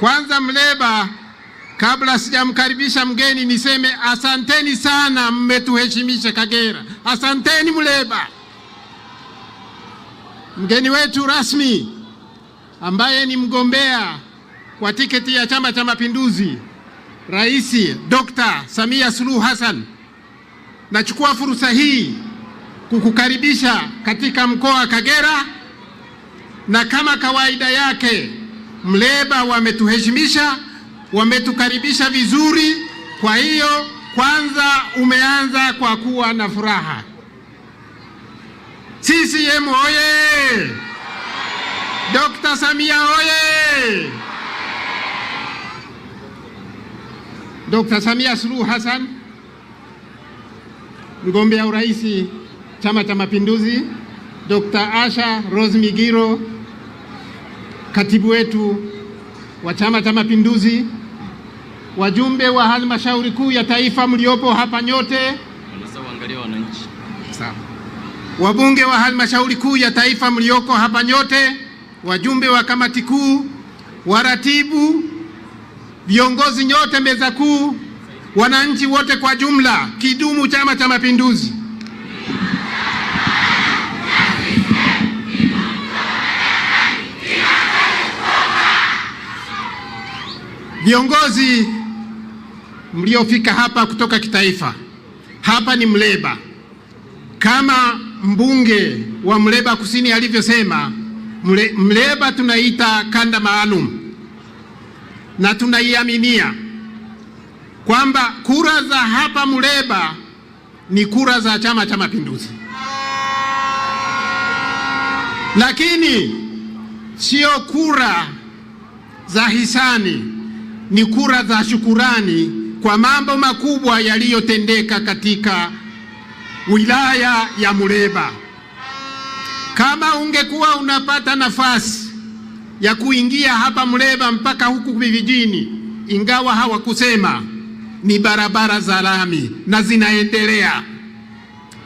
Kwanza Mleba, kabla sijamkaribisha mgeni, niseme asanteni sana, mmetuheshimisha Kagera. Asanteni Mleba. Mgeni wetu rasmi ambaye ni mgombea kwa tiketi ya Chama cha Mapinduzi, Rais Dr. Samia Suluhu Hassan, nachukua fursa hii kukukaribisha katika mkoa wa Kagera, na kama kawaida yake Mleba wametuheshimisha, wametukaribisha vizuri. Kwa hiyo kwanza umeanza kwa kuwa na furaha. CCM oye! Dr. Samia oye! Dr. Samia Suluhu Hassan mgombea urais Chama cha Mapinduzi, Dr. Asha Rose Migiro katibu wetu wa Chama cha Mapinduzi, wajumbe wa halmashauri kuu ya taifa mliopo hapa nyote, wabunge wa halmashauri kuu ya taifa mlioko hapa nyote, wajumbe wa kamati kuu, waratibu, viongozi nyote meza kuu, wananchi wote kwa jumla, kidumu Chama cha Mapinduzi! Viongozi mliofika hapa kutoka kitaifa, hapa ni Mleba. Kama mbunge wa Mleba Kusini alivyosema, Mle, Mleba tunaita kanda maalum na tunaiaminia kwamba kura za hapa Mleba ni kura za Chama cha Mapinduzi, lakini sio kura za hisani ni kura za shukurani kwa mambo makubwa yaliyotendeka katika wilaya ya Muleba. Kama ungekuwa unapata nafasi ya kuingia hapa Muleba mpaka huku vijijini, ingawa hawakusema, ni barabara za lami na zinaendelea.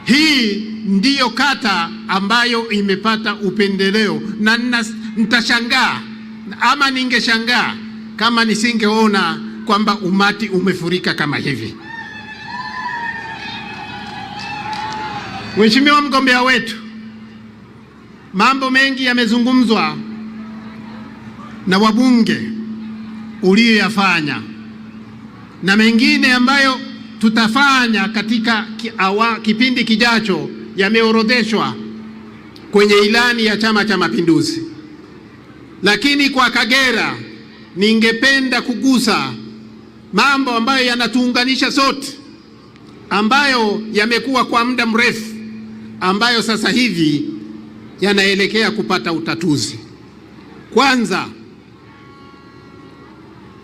Hii ndiyo kata ambayo imepata upendeleo, na nitashangaa ama ningeshangaa kama nisingeona kwamba umati umefurika kama hivi. Mheshimiwa mgombea wetu, mambo mengi yamezungumzwa na wabunge uliyoyafanya na mengine ambayo tutafanya katika kipindi kijacho yameorodheshwa kwenye ilani ya Chama cha Mapinduzi, lakini kwa Kagera ningependa kugusa mambo ambayo yanatuunganisha sote, ambayo yamekuwa kwa muda mrefu, ambayo sasa hivi yanaelekea kupata utatuzi. Kwanza,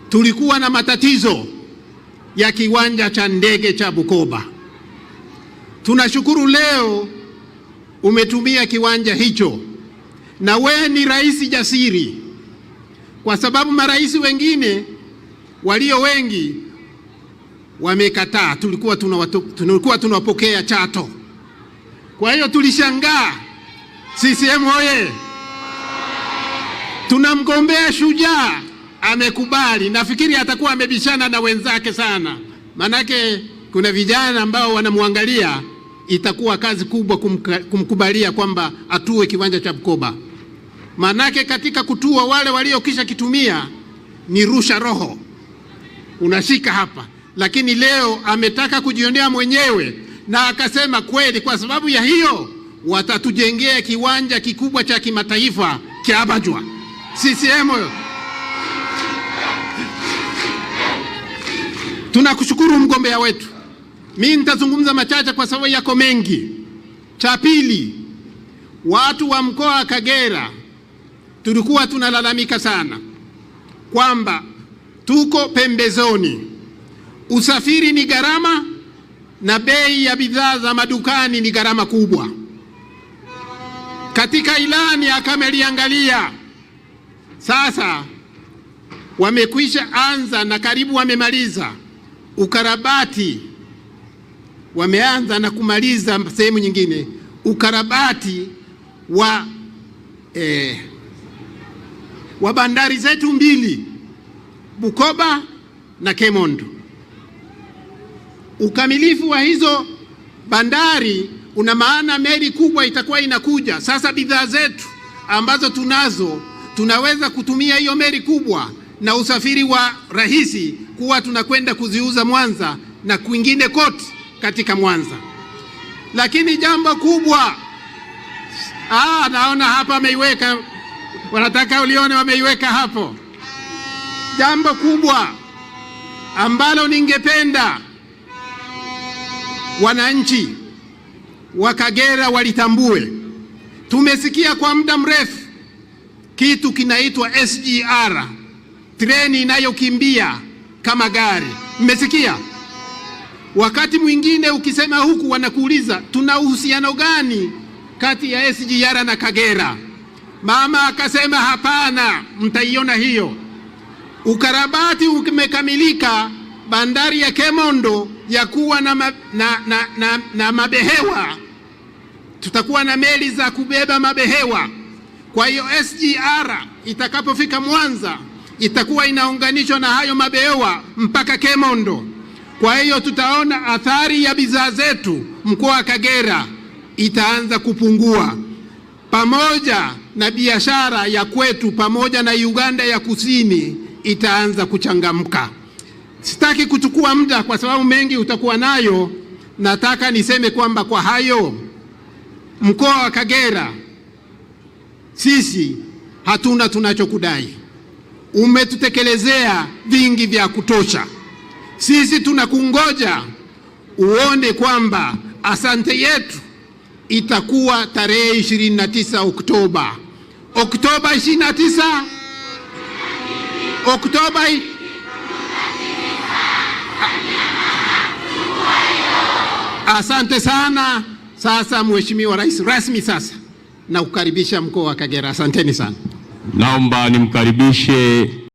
tulikuwa na matatizo ya kiwanja cha ndege cha Bukoba. Tunashukuru leo umetumia kiwanja hicho, na we ni rais jasiri kwa sababu marais wengine walio wengi wamekataa. Tulikuwa tulikuwa tunawapokea Chato, kwa hiyo tulishangaa. CCM oye! Tunamgombea shujaa amekubali. Nafikiri atakuwa amebishana na wenzake sana, manake kuna vijana ambao wanamwangalia. Itakuwa kazi kubwa kumkubalia kwamba atue kiwanja cha Bukoba manake katika kutua wale waliokisha kitumia ni rusha roho, unashika hapa, lakini leo ametaka kujionea mwenyewe na akasema kweli, kwa sababu ya hiyo watatujengea kiwanja kikubwa cha kimataifa cha Abajwa. CCM Tunakushukuru mgombea wetu. Mi nitazungumza machache kwa sababu yako mengi. Cha pili, watu wa mkoa wa Kagera Tulikuwa tunalalamika sana kwamba tuko pembezoni, usafiri ni gharama na bei ya bidhaa za madukani ni gharama kubwa. Katika ilani akameliangalia sasa, wamekwisha anza na karibu wamemaliza ukarabati, wameanza na kumaliza sehemu nyingine ukarabati wa eh, wa bandari zetu mbili Bukoba na Kemondo. Ukamilifu wa hizo bandari una maana meli kubwa itakuwa inakuja. Sasa bidhaa zetu ambazo tunazo tunaweza kutumia hiyo meli kubwa na usafiri wa rahisi kuwa tunakwenda kuziuza Mwanza na kwingine kote katika Mwanza. Lakini jambo kubwa, ah, naona hapa ameiweka wanataka ulione wameiweka hapo. Jambo kubwa ambalo ningependa wananchi wa Kagera walitambue, tumesikia kwa muda mrefu kitu kinaitwa SGR, treni inayokimbia kama gari. Mmesikia? Wakati mwingine ukisema huku wanakuuliza tuna uhusiano gani kati ya SGR na Kagera? Mama akasema hapana, mtaiona hiyo. Ukarabati umekamilika bandari ya Kemondo ya kuwa na, ma, na, na, na, na mabehewa. Tutakuwa na meli za kubeba mabehewa. Kwa hiyo SGR itakapofika Mwanza itakuwa inaunganishwa na hayo mabehewa mpaka Kemondo. Kwa hiyo tutaona athari ya bidhaa zetu mkoa wa Kagera itaanza kupungua pamoja na biashara ya kwetu pamoja na Uganda ya kusini itaanza kuchangamka. Sitaki kuchukua muda kwa sababu mengi utakuwa nayo. Nataka niseme kwamba kwa hayo, mkoa wa Kagera sisi hatuna tunachokudai. Umetutekelezea vingi vya kutosha. Sisi tunakungoja uone kwamba asante yetu itakuwa tarehe 29 Oktoba. Oktoba 29, Oktoba Asante sana. Sasa Mheshimiwa Rais rasmi sasa na kukaribisha mkoa wa Kagera. Asanteni sana. Naomba nimkaribishe